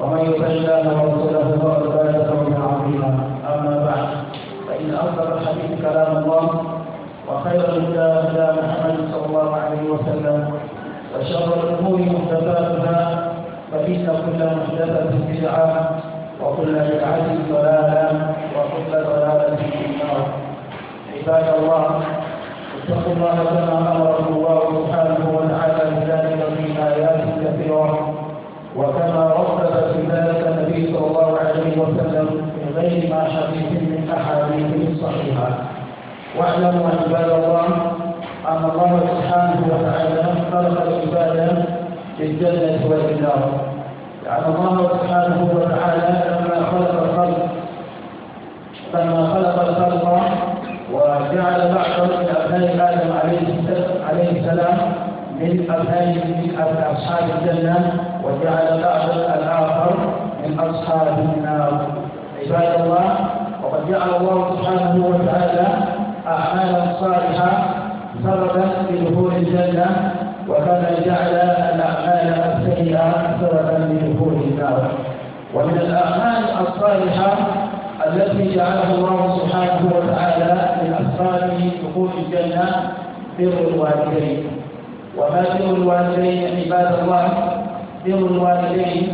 ومن يطع الله ورسوله فقد فاز فوزا عظيما اما بعد فان اصدق الحديث كلام الله وخير الهدى هدى محمد صلى الله عليه وسلم وشر الامور محدثاتها فان كل محدثه بدعه وكل بدعه ضلالا وكل ضلالا في النار عباد الله اتقوا الله كما امركم الله سبحانه صلى الله عليه وسلم من غير ما حديث من أحاديثه الصحيحة واعلموا عباد الله أن الله سبحانه وتعالى خلق العباد للجنة والنار يعني الله سبحانه وتعالى لما خلق الخلق لما خلق الخلق وجعل بعضا من أبناء آدم عليه السلام من أبناء أصحاب الجنة وجعل بعض الآخر من أصحاب النار عباد الله وقد جعل الله سبحانه وتعالى أعمالا صالحة سببا لدخول الجنة وكما جعل الأعمال السيئة سببا لدخول النار ومن الأعمال الصالحة التي جعلها الله سبحانه وتعالى من أسباب دخول الجنة بر الوالدين وما بر الوالدين عباد الله بر الوالدين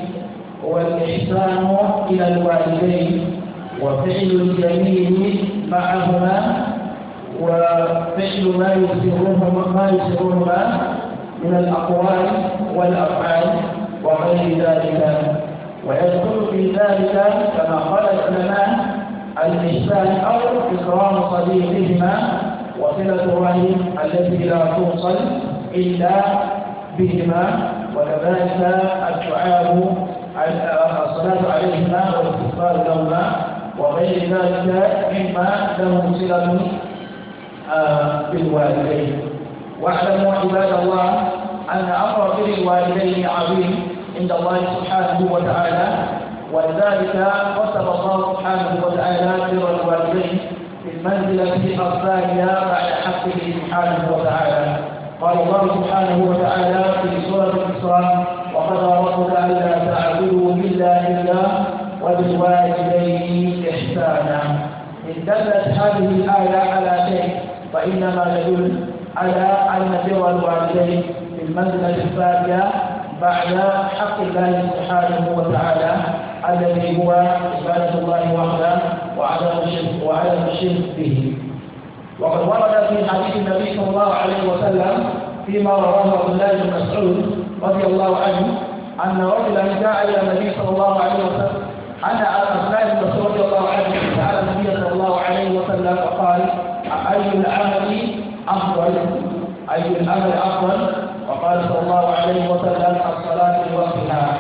هو الإحسان إلى الوالدين وفعل الجميل معهما وفعل ما يسرهما ما يسرهما من الأقوال والأفعال وغير ذلك ويدخل في ذلك كما خلت لنا الإحسان أو إكرام صديقهما وصلة الرحم التي لا توصل إلا بهما وكذلك الدعاء الصلاة عليهما والاستغفار لهما وغير ذلك مما له صلة آه، بالوالدين واعلموا عباد الله أن أمر بر الوالدين عظيم عند الله سبحانه وتعالى ولذلك وصف الله سبحانه وتعالى بر الوالدين بالمنزلة الثانية بعد حقه سبحانه وتعالى قال الله سبحانه وتعالى في سورة الإسراء ربنا ربك ألا تعبدوا إلا لله وبالوالدين إحسانا إن دلت هذه الآية على شيء فإنما تدل على أن بر الوالدين في المنزلة الثانية بعد حق الله سبحانه وتعالى الذي هو عبادة الله وحده وعدم وعدم الشرك به. وقد ورد في حديث النبي صلى الله عليه وسلم فيما رواه عبد الله بن مسعود رضي الله عنه أن رجلا جاء إلى النبي صلى الله عليه وسلم أنا أبا الله رضي الله عنه سأل النبي صلى الله عليه وسلم فقال أي العمل أفضل؟ أي العمل أفضل؟ وقال صلى الله عليه وسلم الصلاة لوقتها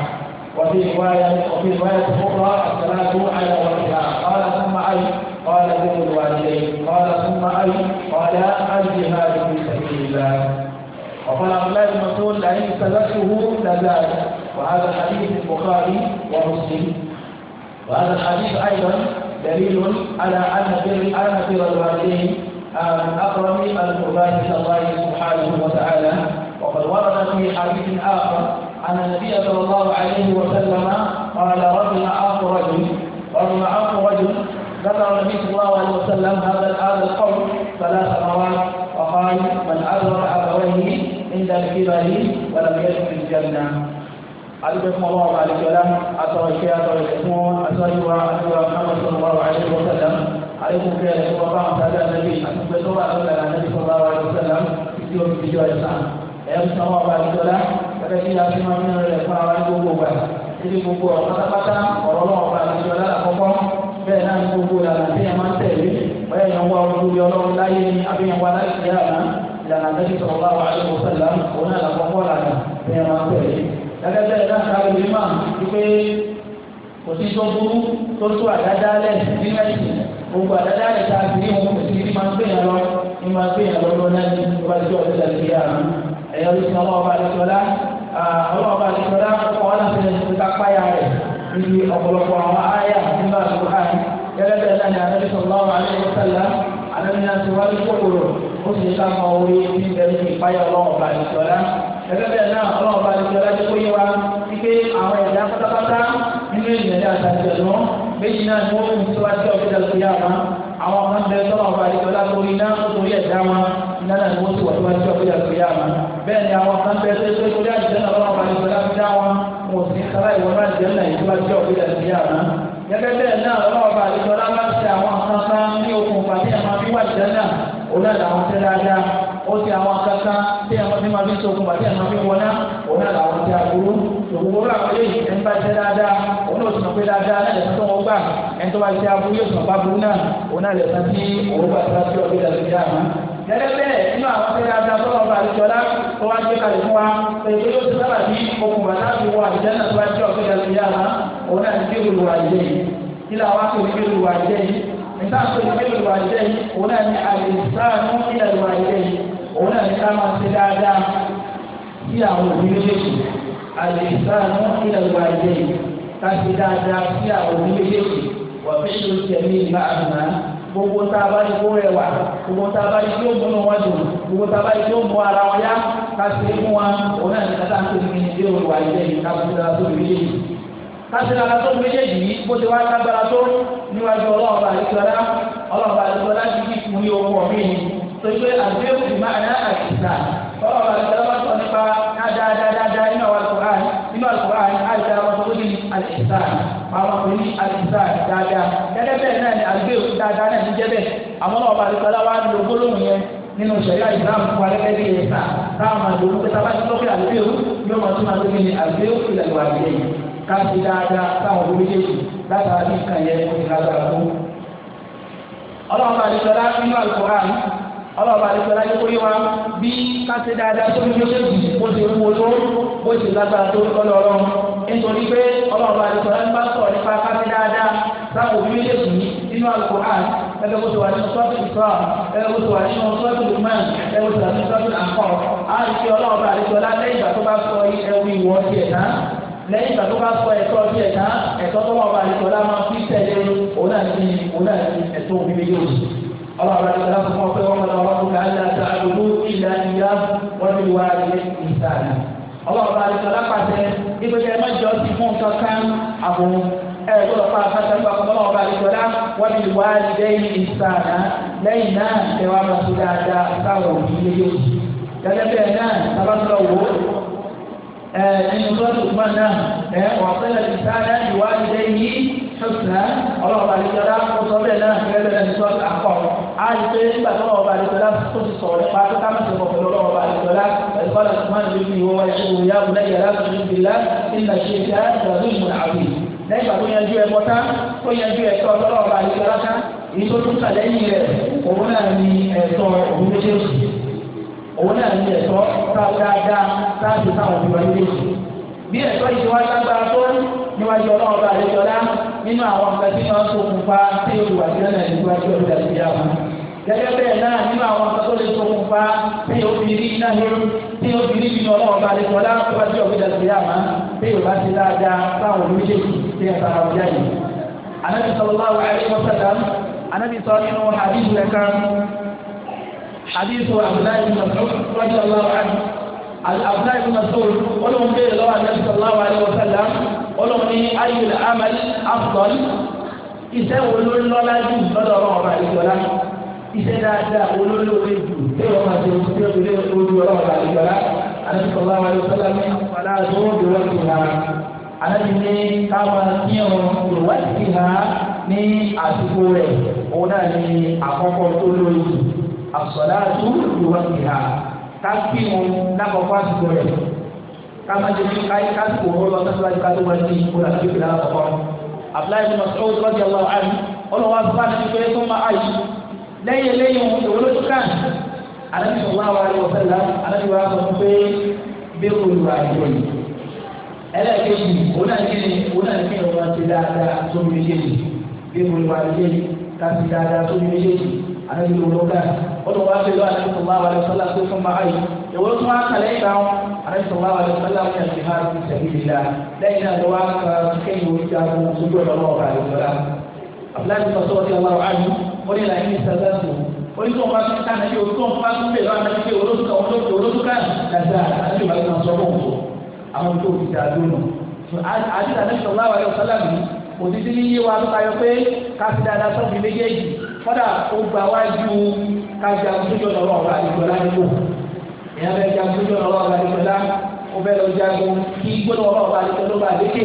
وفي رواية وفي رواية أخرى الصلاة على وقتها قال ثم أي؟ قال بر الوالدين قال ثم أي؟ قال الجهاد في سبيل الله وقال عبد الله بن مسعود لئن سلكته لزاد وهذا الحديث البخاري ومسلم وهذا الحديث ايضا دليل على ان بر على بر الوالدين آه، من اكرم القربات الى الله سبحانه وتعالى وقد ورد في حديث اخر ان النبي صلى الله عليه وسلم قال رجل اخ رجل رجل اخ رجل ذكر النبي صلى الله عليه وسلم هذا القول ثلاث مرات وقال من ادرك إلا الكبر ولم يدخل الجنة ألبكم الله عليه وسلم أترى الشيء أترى الحكمون أترى أترى محمد صلى الله عليه وسلم عليكم بها لكم وقام تابع النبي أنتم بسرعة أولى النبي صلى الله عليه وسلم bẹ́ẹ̀ náà ní gbogbo ìlànà tí ẹ̀ máa ń tẹ̀lé bẹ́ẹ̀ yẹn wá ojú ọlọ́run láyé ní abẹ́yẹn wá láyé ìlànà àtẹ́jú sọ̀rọ̀ bá wà lóko sẹ́lá òun náà lọ́kọ́kọ́ lànà ní ẹ̀rọ àpẹẹrẹ. Gẹ́gẹ́ bẹ́ẹ̀ náà kárí mi máa wípé ada sí tó burú tó tó àdáda lẹ̀ nínú ẹ̀sìn. Gbogbo àdáda lẹ̀ ta sí ní òun kò sí ní máa ń gbé yàn lọ ní máa kita gbé yàn lọ lọ náà ní ìwádìí ọ̀sẹ̀ lẹ́sìn yàrá. Ẹ̀yọ́ ló ti sọ ọlọ́ọ̀bá àdìsọ́lá ọlọ́ọ̀bá àdìsọ́lá ọkọ̀ ọ̀làfẹ́ ní ká ó sì ká mọ orí tí ń bẹ̀rẹ̀ ní ìpáyà ọlọ́run bá ìṣọ́ lá. gẹ́gẹ́ bẹ́ẹ̀ náà ọlọ́run bá ìṣọ́ lá ti kó yé wa wípé àwọn ẹ̀dá pátápátá nínú ìrìnàjò àtàjẹ̀nú méjì náà ni wọ́n fi síwájú ọ̀gbẹ́dà sí àmọ́ àwọn kan bẹ tọ́lọ̀ ọba àdìsọ́ látorí náà nítorí ẹ̀dá wọn iná náà ni wọ́n ti wà síwájú ọ̀gbẹ́dà sí àmọ́ bẹ́ẹ̀ ni àwọn kan bẹ tó tó torí àdìsọ́ náà tọ́lọ̀ ọba àdìsọ́ láti dá wọn wọn ò sí sára ìwọ náà jẹ́ náà ìsíwájú ọ̀gbẹ́dà sí àmọ́ òun àti àwọn tẹ́ dáadáa ó ti àwọn kankan tí àwọn tí máa fi sokun àti àwọn fi wọná òun àti àwọn tẹ́ aburú òkùnkùn rẹ̀ àwọn yéèyàn ẹni bá tẹ́ dáadáa òun náà sọ pé dáadáa náà lẹ́sẹ̀ tó wọ́n gbà ẹni tó bá tẹ́ aburú yóò sọ báburú náà òun náà lẹ́sẹ̀ tí òun bá tẹ́ aburú ọ̀gbìn lẹ́sẹ̀ yá àmọ́ gẹ́gẹ́ bẹ́ẹ̀ nínú àwọn tẹ́ dáadáa tó lọ́ọ́ àlejòlá tó wá gbé kalẹ̀ fún wa pẹ̀lú yóò ti sábà bí nígbà tó ìwé ìwà ìjẹ́ yìí òun náà ní àlèsánú ìyá ìwà ìjẹ́ yìí òun náà ní ká máa ṣe dáadáa sí àwọn òbí méjèèjì àlèsánú ìyá ìwà ìjẹ́ yìí ká ṣe dáadáa sí àwọn òbí méjèèjì wà fẹ́ ṣe oúnjẹ ní ìgbà àbùnà gbogbo tá a bá ní kó rẹwà gbogbo tá a bá ní yóò múnú wọn dùn gbogbo tá a bá ní yóò mú ara wọn yá ká ṣe é fún wa òun náà ní ká tá a ń tó ní kí ní bí òun wà ìjẹ́ yìí ká kásìlẹ̀ alátó méjèèjì yìí bó ti wá lágbára tó níwájú ọlọ́ọ̀bà àdìgbọ́lá ọlọ́ọ̀bà àdìgbọ́lá ti fi kú ní owó ọ̀mí ni tó ṣe àdéhùn ìmọ̀ àná àkìsà ọlọ́ọ̀bà àdìgbọ́lá bá sọ nípa dáadáadáa nínú àwọn alukóran nínú alukóran àìsà àwọn tó ní àkìsà àwọn ọkùnrin ní àkìsà dáadáa gẹ́gẹ́ bẹ́ẹ̀ náà ni àdéhùn dáadáa náà ní jẹ́ bẹ́ẹ̀ àwọn ọlọ́ọ̀bà àdìgbọ́lá wá ń lo gbólóhùn yẹn nínú sẹ̀ríà ìsìlámù fún alẹ́kẹ́ bí ẹ̀sà táwọn àdéhùn pé tábàtì lọ́kẹ́ àdéhùn yóò máa tún máa tó kí ni àdéhùn ìlànà àdéhùn káfí dáadáa táwọn olórí méjèèjì látara bí nǹkan yẹn ó ti lágbára tó. ọlọ́run bá nìkan láti inú àlùkòrán ọlọ́run bá nìkan láti kó yé wa bí káfí dáadáa tó ní méjèèjì bó ti wúwo tó bó ti lágbára tó lọ́lọ́rọ́ nítorí pé ọlọ́run bá nìkan láti bá sọ̀rọ̀ nípa káfí dáadáa táwọn olórí méjèèjì nínú àlùkòrán ẹgbẹ́ bó ti wà nínú sọ́ọ̀tì ìfọ́ ẹgbẹ́ bó ti wà nínú sọ́ọ̀tì lùmọ́ọ̀n ẹgbẹ́ bó ti wà nínú sọ́ọ̀tì àkọ́ àìsí ọlọ́run bá àdéjọ́lá lẹ́yìn ìgbà tó bá sọ ẹwù ìwọ́n tiẹ̀ náà lẹ́yìn ìgbà tó bá sọ ẹ̀tọ́ bí ẹ̀ka ẹ̀tọ́ tó wọ́n bá ìtọ́ lá máa fi tẹ̀lé òun náà ní òun náà ní ẹ̀tọ́ òbí méjèèjì. ọlọ́run àti ọlọ́run fún ọpẹ́ wọn lọ́wọ́ fún káyọ̀ àti àlùkò ìlà ìyá wọn ní wàá ilé ìsàlẹ̀. ọlọ́run àti ọlọ́run pàṣẹ ìgbésẹ̀ mẹ́jọ ti fún kankan àbùn ẹ gbọ́dọ̀ fún afáṣẹ nípa ọlọ́run bá ìtọ́lá wọn ẹni tó tó gbọ́n náà ẹ wà sẹ́lẹ̀ ti sáré ìwádìí lẹ́yìn yìí ṣùgbọ́n ọlọ́ọ̀bà àdìjọ́lá kó sọ bẹ́ẹ̀ náà gẹ́gẹ́ bẹ́ẹ̀ ní sọ́ọ̀tì àkọ́ á rí pé nígbà tó ọlọ́ọ̀bà àdìjọ́lá tó ti sọ̀rọ̀ nípa tó ká mẹ́sàn-án pọ̀ pẹ̀lú ọlọ́ọ̀bà àdìjọ́lá ẹ̀kọ́lá ṣùgbọ́n ìlú ìwọ wa ìṣòwò ya wùlẹ̀ yàrá tó ti bìlá ìlà ṣe ìjà ìdàgbé ìmọ̀ àwì lẹ́yìn tó yanjú ẹ̀kọ́ òun náà ní ẹ̀tọ́ tá a dáadáa tá a ti táwọn òbí wa ní lẹ́yìn bí ẹ̀tọ́ yìí wá lágbára tó níwájú ọlọ́run bá àlejò ọlá nínú àwọn nǹkan tí wọ́n ṣokùnfà tí olùwàjú náà níwájú ọ̀dà ti yá wọn gẹ́gẹ́ bẹ́ẹ̀ náà nínú àwọn nǹkan tó lè ṣokùnfà tí obìnrin náà yóò tí obìnrin nínú ọlọ́run bá àlejò ọlá níwájú ọ̀dà ti yá wọn tí yorùbá ti dáadáa táwọn olùméjèèjì tí ẹ bára wọn jáde. anábì sọlọ́wọ́ àlejò sọ̀dá anábì sọ nínú àdìsù حديث عبد الله بن مسعود رضي الله عنه عبد الله بن مسعود ولهم به الله النبي صلى الله عليه وسلم ولهم أي العمل أفضل iṣẹ́ wo ló lọ́lá jù lọ́dọ̀ ọlọ́run ọba ìjọba iṣẹ́ dáadáa wo ló lóore jù tí wọ́n máa ṣe oṣù tí ó lé ojú ọlọ́run ọba ìjọba aláṣọ bá wà lọ́sọ́lá mi wàlá tó ń dúró sí ha aláṣọ ní káwọn ní ọ̀run ìwádìí sí ha ní àsìkò rẹ̀ òun náà ní àkọ́kọ́ tó lóore jù àsọ̀láàtú ìwọ́nìyà káfí wọn lákọ̀ọ́kọ́ àtúgbò rẹ̀ kámájú bí káyí káàkó wọn lọ sọ́sọ́lájú ká tó wá sí ìkóra tó fi lára kọ̀kọ́. abdullahi bin masoud rọ́jì allah ali ọlọ́wọ́ àti báyìí ti fẹ́ tó máa ayé lẹ́yìn lẹ́yìn ìwọlé tó kàn anabi sọ̀rọ̀ àwọn àríwọ̀ sẹ́lá anabi wà sọ pé bí olùwà ìwọ̀n ẹlẹ́ẹ̀kejì òun náà ní òun náà ní ìwọ̀n ti àti olùkọ́ ọdún wa fi lọ àti sọlá wa lè sọlá tó fún bàbá yìí ìwọ tún wá kalẹ̀ ìgbà wọn àti sọlá wa lè sọlá wọn yàtì ha ti sẹ̀bi lè la lẹ́yìn náà lọ́wọ́ ká kéyìn orí ta kó sójú ọ̀dọ́ wọn bá lè sọlá. abdulayi sọ sọ́wọ́ ti ọlá wa àdú ó ní láyé ní sàlá tó ó ní sọ́wọ́n bá tún ká nàbí olùkọ́ wọn bá tún lè lọ́wọ́ nàbí olóṣùkà olóṣùkà dàda àti ìwà ìtàn sọ́wọ́ àwọn tó fi dà lónà àti àti sọlá wa lè sọlá mi òtítí yíyí wa ló tayọ pé ká fi dáadáa sọ́ọ̀bì méjèèjì kọ́dà ó gba wájú kájà ojújọ lọ́wọ́ ọ̀la ìjọba nípò ìyá bẹ́ẹ̀ jà ojújọ lọ́wọ́ ọ̀la ìjọba ó bẹ́ẹ̀ lọ jagun kí gbọ́dọ̀ ọ̀la ọ̀la ìjọba ló bá lékè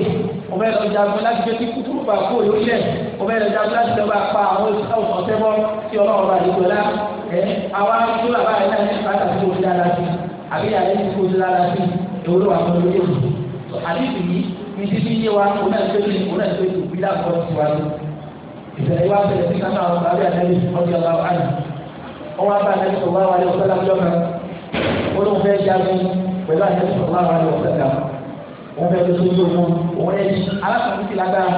ó bẹ́ẹ̀ lọ jagun láti jẹ́ kí kúkú bá kó òyò ilẹ̀ ó bẹ́ẹ̀ lọ jagun láti lọ́ba pa àwọn ọ̀sẹ̀bọ́ sí ọlọ́wọ́ ọ̀la ìjọba ẹ̀ àwa tó bàbá rẹ̀ náà ní bàtà tó ti ìṣẹ̀lẹ̀ wa bẹ̀rẹ̀ sí sábà àwọn sábẹ́ àtẹ́lẹ́ ọdí ọ̀la wáyé ọwọ́ abá àtẹ́lẹ́ sọ̀rọ̀ wáyé ọ̀sẹ̀lá jọ́nà olóhùn fẹ́ jáde pẹ̀lú àtẹ́lẹ́ sọ̀rọ̀ wáyé ọ̀sẹ̀lá wọn fẹ́ tó sójú òun òun ẹni alákùnrin ti lágbára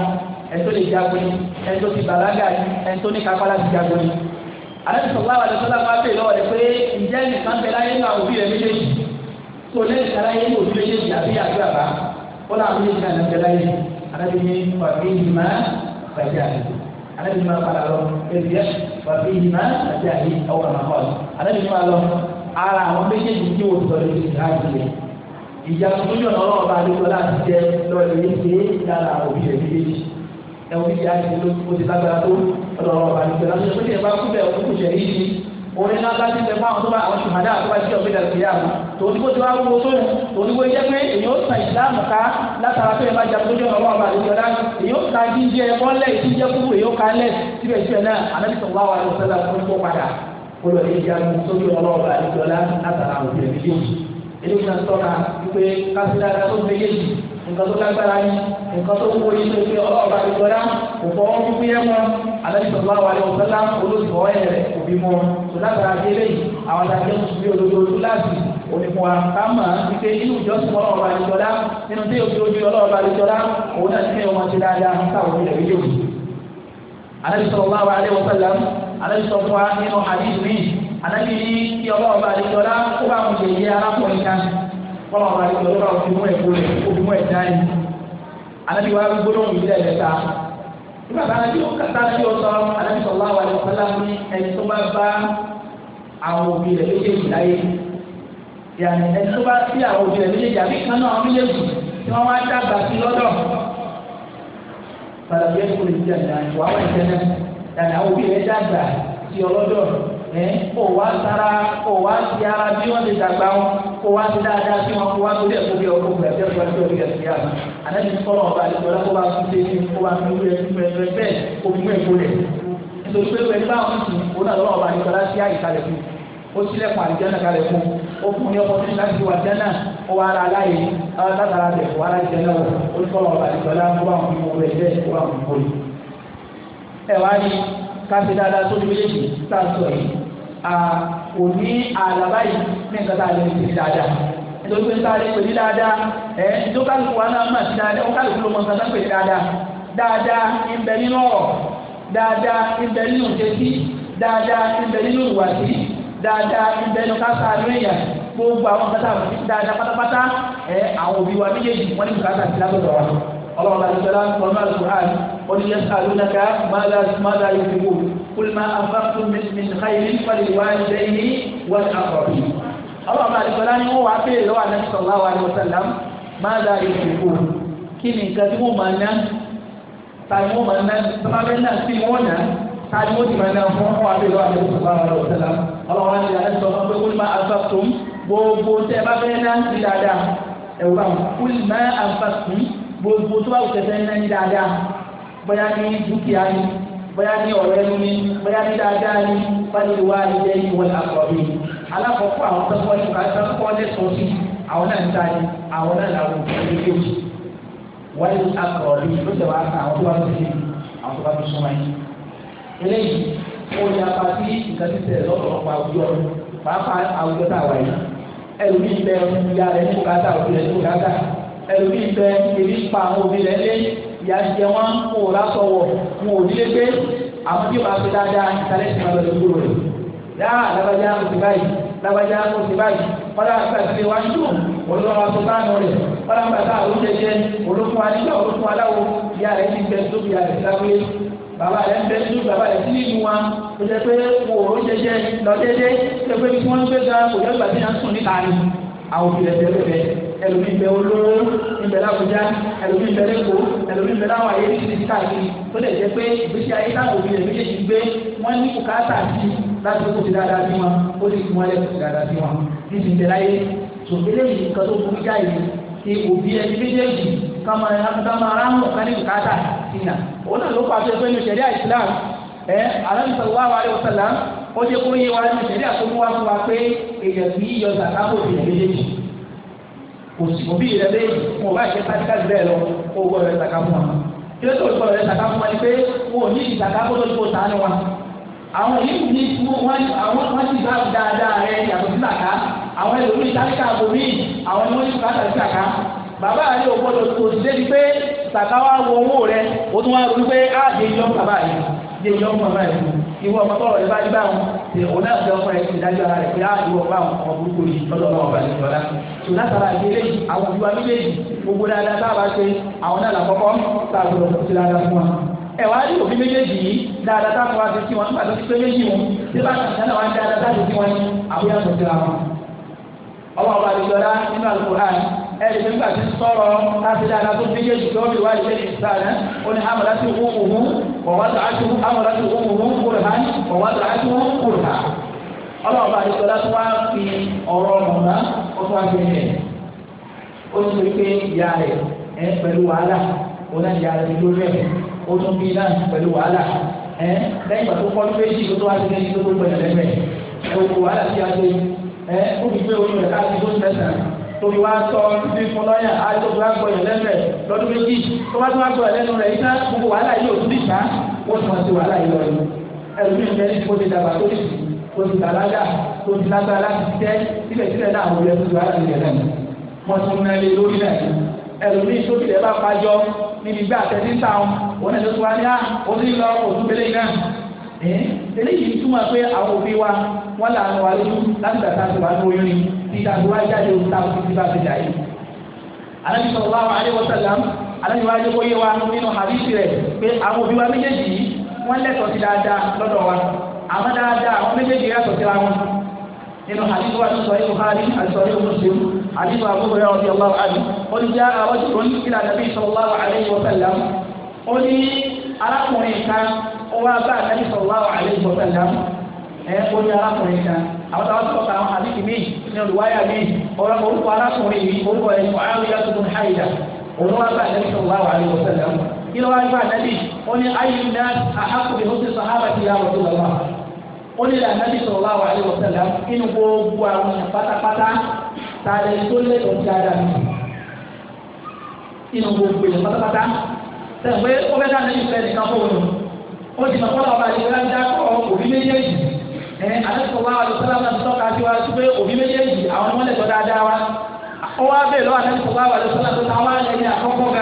ẹ̀tọ́ lè jágbe ẹ̀tọ́ ti bàlágà ẹ̀tọ́ ní kápálá ti jágbe àtẹ́lẹ́ sọ̀rọ̀ wáyé ọ̀sẹ̀lá máa bè lọ́wọ́ rẹ̀ pé ǹjẹ́ nìkan bẹ láyé nínú àwọn òbí rẹ̀ méjèèjì tó lé nìkan láyé nínú òbí méjèèjì àbí àbí ní pàbí ìmọ̀ anabi ni ma padà lọ ebi ẹ wàbí yìí má àti àyè ọwọ́ àná kọ́ anabi ni ma lọ ara àwọn méjèèjì tí wò sọ lórí ìhà ìdílé ìjà tuntun yọ̀ lọ́wọ́ ọba àdúgbò láti jẹ lọ́ọ̀lì yìí ṣe é dára òbí rẹ̀ méjèèjì ẹ̀wọ̀n ìjà ìdílé ó ti lágbára tó lọ́wọ́ ọba àdúgbò láti jẹ pé ìyẹn bá kú bẹ́ẹ̀ òkú kù tòdìbò tí wàá wo sóyún tòdìbò jẹ pé èyí ó san ìsìlámù ká látara pé ẹ máa jagun lójú ọmọ ọba àdúgbò ọ̀dá èyí ó ka jíjẹ kọ́lẹ̀ ìjíjẹ kúrú èyí ó ka lẹ̀ síbẹ̀síbẹ̀ náà ànábì sọ̀rọ̀ wá wà ló sẹ́lá fún kó padà kó lọ lè jagun sójú ọmọ ọba àdúgbò ọ̀dá látara òbí pé kásìlá tó méjèèjì nǹkan tó lágbára ni nǹkan tó wúwo yìí tó pé ọlọ́ọ̀bá ti gbọ́dá kò fọwọ́ fífi yẹn mọ́ alẹ́sọ̀lá wa lẹ́wọ̀n sọ́lá olóòtúfọ́ ẹ̀ rẹ̀ kò bí mọ́ tó lágbára dé lẹ́yìn àwọn àti àjẹmọ́ bí olódodo láti onífọ̀wá ká mọ̀ wípé inú ìjọsìn ọlọ́ọ̀bá ti gbọ́dá nínú tí òkè ojú ọlọ́ọ̀bá ti gbọ́dá òun náà ti ní ọmọ ti dáadáa káwọn ilẹ̀ yìí yóò. alẹ́sọ̀lá wa lẹ́wọ̀n sọ́lá alẹ́sọ̀fọ́ nínú àdìsí Ànábì ní kí ọlọ́ọ̀bá àdìsọ́lá kó bá wọn ṣe yé arákùnrin kan kọ́lá wọn àti ọ̀dọ́ náà fi mú ẹ̀kú rẹ̀ kó mú ẹ̀dá yìí anabi wa gbóná wù yíyá ẹ̀ta nígbà tá anabi wọn kàtà anabi wọn sọ anabi sọlá wa ni sọlá ní ẹni tó bá bá àwọn òbí rẹ̀ méjèèjì láyé yàrá ẹni tó bá sí àwọn òbí rẹ̀ méjèèjì àbí kan náà méjèèjì tí wọ́n wá dábàá sí lọ́dọ̀ padà bí ẹni kò lè di àná wàá wà ní tẹ́lẹ̀ yàrá àwọn òbí rẹ̀ dàgbà sí ọlọ́dọ̀ ẹ kó wá sára kó wá ti ara bí wọ́n ti dàgbà wọn kó wá ti dáadáa sí wọn kó wá tó dẹ̀ tó bí ọkọ̀ gbà tẹ́ wọ́n ti ọdún yẹn ti yàrá ànábi sọ̀rọ̀ ọba àti ìjọba kó bá tún dé ní kó bá tún dé ní bẹ́ẹ̀ kó mú ẹ̀kọ́ rẹ̀ nítorí pé pẹ̀lú báwọn ti òun náà lọ́wọ́ ọba àti ìjọba sí àyíkalẹ̀ fún ó sílẹ̀kùn àlìjáná kalẹ̀ fún ó fún ní ọkọ̀ nígbà tí wà jáná ó wà ara aláyè látara rẹ̀ wà ara jẹ náà ó sọ̀rọ̀ ọba àti ìjọba kò ní àlàbá yìí ní nǹkan tá a lè ṣe dáadáa nítorí pé sáré pèlú dáadáa ẹ tó kálukú wa náà mà sí dáadáa ó kálukú ló mọ nǹkan tó ń pèlú dáadáa dáadáa ń bẹ nínú ọ̀rọ̀ dáadáa ń bẹ nínú ìṣesí dáadáa ń bẹ nínú ìwàsí dáadáa ń bẹ nínú kásá àdúrà gbogbo àwọn nǹkan tá a dáadáa pátápátá ẹ àwọn òbí wa méjèèjì wọn ní bùkátà sí lábẹ́ ọ̀rọ̀ wa. الله عليه وسلم وما القرآن قل يسألونك ماذا ماذا ينفقون قل ما أنفقتم من من خير فلوالديه والأقربين الله عليه وسلم هو عبير لو النبي صلى الله عليه وسلم ماذا ينفقون كني كتبوا منا tàbí wọn máa ná sábà bẹ́ẹ̀ náà sí wọn náà tàbí wọn ti máa ná fún ọkọ abẹ́lẹ́ wa lẹ́yìn sọ̀rọ̀ àwọn ọ̀rọ̀ sẹ́la ọlọ́wọ́ ni ẹ̀ sọ fún pé kó máa afa tó ń gbogbo tẹ́ ẹ bá bẹ́ẹ̀ náà sí dáadáa ẹ̀wọ̀n kó máa afa tó ń gbogbo tó bá wù tẹ̀sẹ̀ ńlá ní dáadáa bóyá ní dúkìá ni bóyá ní ọ̀rẹ́ ni bóyá ní dáadáa ni báyìí wá ilé ìwọ àkọ́bí alákọ̀ọ́kọ́ àwọn tó kọ́ nípa tó kọ́ lẹ́sọ̀ọ́ sí àwọn náà ń ta ni àwọn náà làwọn òkú méjèèjì wáyé àkọ́bí ló jẹ́ wàá kan àwọn tó bá tó ṣe àwọn tó bá tó súnmọ́ yìí eléyìí ó yà pa sí nǹkan tí tẹ̀ lọ́pọ̀lọpọ̀ àwùjọ ẹlòmí ìfẹ́ èmi pa àwọn òbí rẹ̀ ìyá jẹ wọn kó o lásọwọ wọn ò nílé pé àwọn tí o máa fi dáadáa ìtàlẹ́ ti máa lọ lóko rẹ̀ yáa lábàjá kò sí báyìí lábàjá kò sí báyìí kọ́lá àgbàsílẹ̀ wá ṣù olùwàwà tó bá nù rẹ̀ kọ́lá àgbàsá àwọn jẹjẹ olókun anígbà olókun aláwo ìyá rẹ̀ ti bẹ sóbi ìyá rẹ̀ lágbé bàbá rẹ̀ ń bẹ sóbi bàbá rẹ̀ sí nínú wa kò jẹ́ pé wò ó jẹjẹ lọ jẹjẹ pé pé kí wọ́n gbé ga kò jẹ́ gbàdúrà sùn níta ni àwọn òbílẹ̀tẹ̀ lọ́fẹ̀ ẹlòmí bẹ olówó níbẹ̀ lábújá ẹlòmí bẹ lẹ́kọ̀ọ́ ẹlòmí bẹ láwọn ayé ti ti káàkiri tó lè jẹ́ pé ìgbésí ayé táwọn òbí rẹ̀ méjèèjì gbé wọ́n ní bùkátà sí láti kó ti dáadáa sí wọn ó lè fún wọn lẹ́kọ̀ọ́ ti dáadáa sí wọn ní ti tẹ̀lé ayé tó eléyìí nǹkan tó burú jáì ti òbí ẹni méjèèjì kama aráhùn kan ní bùkátà sí náà òun náà ló pàṣẹ pé ní ṣẹ̀ríà Islam ẹ̀ alẹ́ ó jẹ́ kó yé wa ní ìṣẹ̀lẹ̀ àkókò wa fún wa pé èèyàn kì í yọ sàkáàbò bí ìrẹ́lẹ́yìn kò sì kò bí ìrẹ́lẹ́yìn fún ọba ìṣẹ́ pátíkàtì bẹ́ẹ̀ lọ kó o gbọ́dọ̀ rẹ sàkáàbò wa kí ló tó o gbọ́dọ̀ rẹ sàkáàbò wa ni pé o ò ní ìsàkáàbò tó tó sàánú wa àwọn yìí ní wọn àwọn wọn ti bá dáadáa rẹ yàtọ̀ sí làkà àwọn ẹlòmíì táríkà àbòmí àwọn ni wọn ti bùkátà sí làkà bàbá rẹ ò gbọ́dọ̀ tó ti débi pé sàkáwá wọ owó rẹ o tún wá rí pé á dé yọ bàbá rẹ dé yọ bàbá rẹ ìwọ ọmọ tọrọ rẹ bá rí báwọn ṣe òun náà fi ọkọ rẹ ti dájú ara rẹ pé á ah, ìwọ báwọn ọmọ burúkú yìí lọ́dọ̀ náà ọba yìí lọ́la tó látara ìdílé yìí àwọn ìwà méjèèjì gbogbo dáadáa tá a bá ṣe àwọn náà làkọ́kọ́ tá a gbọdọ̀ ti dáadáa fún wa. ẹ wá rí òbí méjèèjì yìí dáadáa tá a fọwọ́ ti sí wọn nígbà tó ti pé méjì wọn tí bá kàtà nígbà tí sọ̀rọ̀ láti dáadáa tó méjèèjì tó fi wá ìṣe ìṣàlẹ̀ ó ní àmàlà ti wú òun ووضعته أمرته أمه كرها ووضعته كرها ọlọ́ọ̀bá ìṣọ̀lá tó wá fi ọ̀rọ̀ mọ̀nà ó tó wá fi ẹ̀ ó ti rí pé ìyá rẹ̀ ẹ̀ pẹ̀lú wàhálà ó náà ìyá rẹ̀ ló rẹ̀ ó tún bí náà pẹ̀lú wàhálà ẹ̀ lẹ́yìn ìgbà tó kọ́ ní méjì tó tó wá sí lẹ́yìn tó tó gbẹ̀rẹ̀ lẹ́gbẹ̀ẹ́ ẹ̀ wò wàhálà tí a ṣe ẹ̀ ó fi gbé oyún rẹ̀ káàkiri tó ń tẹ̀sán torí wá sọ ní fún lọ́yà àìsókè wá gbọ́ yẹn lẹ́nu rẹ̀ lọ́dún méjì tó bá tún wá gbọ́ yẹn lẹ́nu rẹ̀ yíká gbogbo wàhálà yìí ò tún dìgbà wọ́n tún wá sí wàhálà yìí lọ́yìn ẹlòmíì ń bẹ ní kó ti dàgbà tó ti tó ti bàlágà tó ti lágbára láti tẹ́ síbẹ̀síbẹ̀ náà àwọn olùyẹ tó ti wàhálà yìí lẹ́nu wọ́n tún mẹ́ lé lórí náà ẹlòmíì tó ti bá pàjọ níbi gbà tẹ́tí ń tàn òun ẹ̀ tó ti wá ní à ah, ó ti lọ òtún bẹ́lẹ̀ náà eléyìí túmọ̀ pé àwọn òbí wa wọ́n là ń wà lójú láti gbà tá a ti wà ní oyún ni bí tàbí wá jáde òun tá a kò ti bá ti dà yìí. Ànábì sallallahu alaihi wasallam Ànábì wá jókòó yé wa nínú àbísí rẹ̀ pé àwọn òbí wa méjèèjì yìí wọ́n lẹ́tọ̀ọ́ sí dáadáa lọ́dọ̀ wa àmọ́ dáadáa àwọn méjèèjì yàtọ̀ síra wọn. nínú àdìsí wa sọ yìí Bukhari àti sọ̀rọ̀ yìí Muslim àdìsí wa gbogbo yàrá radiyallahu anhu ó ní já àwọn tó ń kíra Ànábì sallallahu alaihi wasallam ó ní arákùnrin kan ó wá bá Ànábì sallallahu alaihi wasallam ẹ̀ ó ní arákùnrin kan àwọn táwọn sọ̀rọ̀ kan àwọn àdìsí mi ní olùwáyà mi ọ̀rọ̀ orúkọ arákùnrin yìí orúkọ ẹ̀ ní ọ̀hánwó yàtọ̀ tó ń ha ìdá òun wá gbà nẹ́bí sọ̀rọ̀ wá àlẹ́ ọ̀sẹ̀ lẹ́wọ̀n kí ló wá gbà nẹ́bí ó ní ayé náà àhákùnrin ó ti sọ hábà ti yà wọ́n tó lọ́wọ́ ó ní lànàbí sọ̀rọ̀ wá àlẹ́ ọ̀sẹ̀ lẹ́wọ̀n inú gbogbo àwọn èèyàn pátápátá tààlẹ́ tó lé lọ́ọ́ dáadáa mi inú gbogbo èèyàn pátápátá tẹ̀ ó fẹ́ ká nẹ́bí fẹ́ nìkan fóònù ó ti mọ̀ kọ́lá ẹ alẹ́sọ̀wá alùsọ́lá náà tọ́ka sí wa pé òbí méjèèjì àwọn ọmọ lẹ́tọ̀ dáadáa wa ó wá bẹ́ẹ̀ lọ́wọ́ alẹ́sọ̀wá alùsọ́lá tó ta wá ẹni àkọ́kọ́ ga